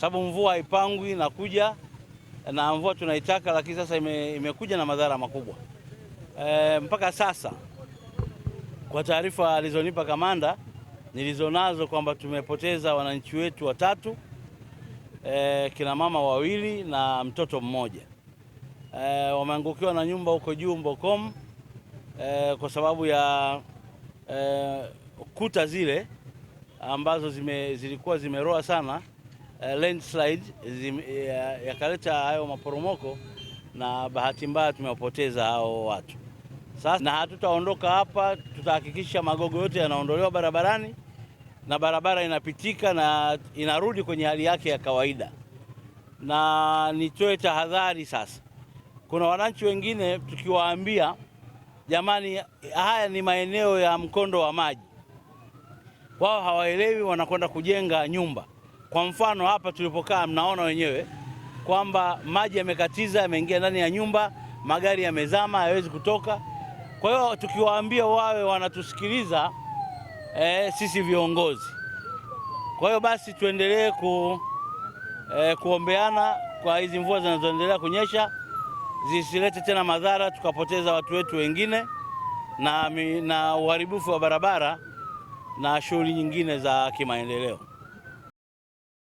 sababu mvua haipangwi na kuja na mvua tunaitaka, lakini sasa ime, imekuja na madhara makubwa e, mpaka sasa kwa taarifa alizonipa kamanda nilizonazo kwamba tumepoteza wananchi wetu watatu e, kina mama wawili na mtoto mmoja e, wameangukiwa na nyumba huko juu Mbokom e, kwa sababu ya e, kuta zile ambazo zime, zilikuwa zimeroa sana Eh, landslide eh, yakaleta ya hayo maporomoko, na bahati mbaya tumewapoteza hao watu sasa, na hatutaondoka hapa, tutahakikisha magogo yote yanaondolewa barabarani na barabara inapitika na inarudi kwenye hali yake ya kawaida. Na nitoe tahadhari sasa, kuna wananchi wengine tukiwaambia, jamani, haya ni maeneo ya mkondo wa maji, wao hawaelewi, wanakwenda kujenga nyumba. Kwa mfano hapa tulipokaa, mnaona wenyewe kwamba maji yamekatiza, yameingia ndani ya nyumba, magari yamezama, hayawezi kutoka. Kwa hiyo tukiwaambia wawe wanatusikiliza e, sisi viongozi. Kwa hiyo basi tuendelee ku, e, kuombeana kwa hizi mvua zinazoendelea kunyesha zisilete tena madhara tukapoteza watu wetu wengine na, na uharibifu wa barabara na shughuli nyingine za kimaendeleo.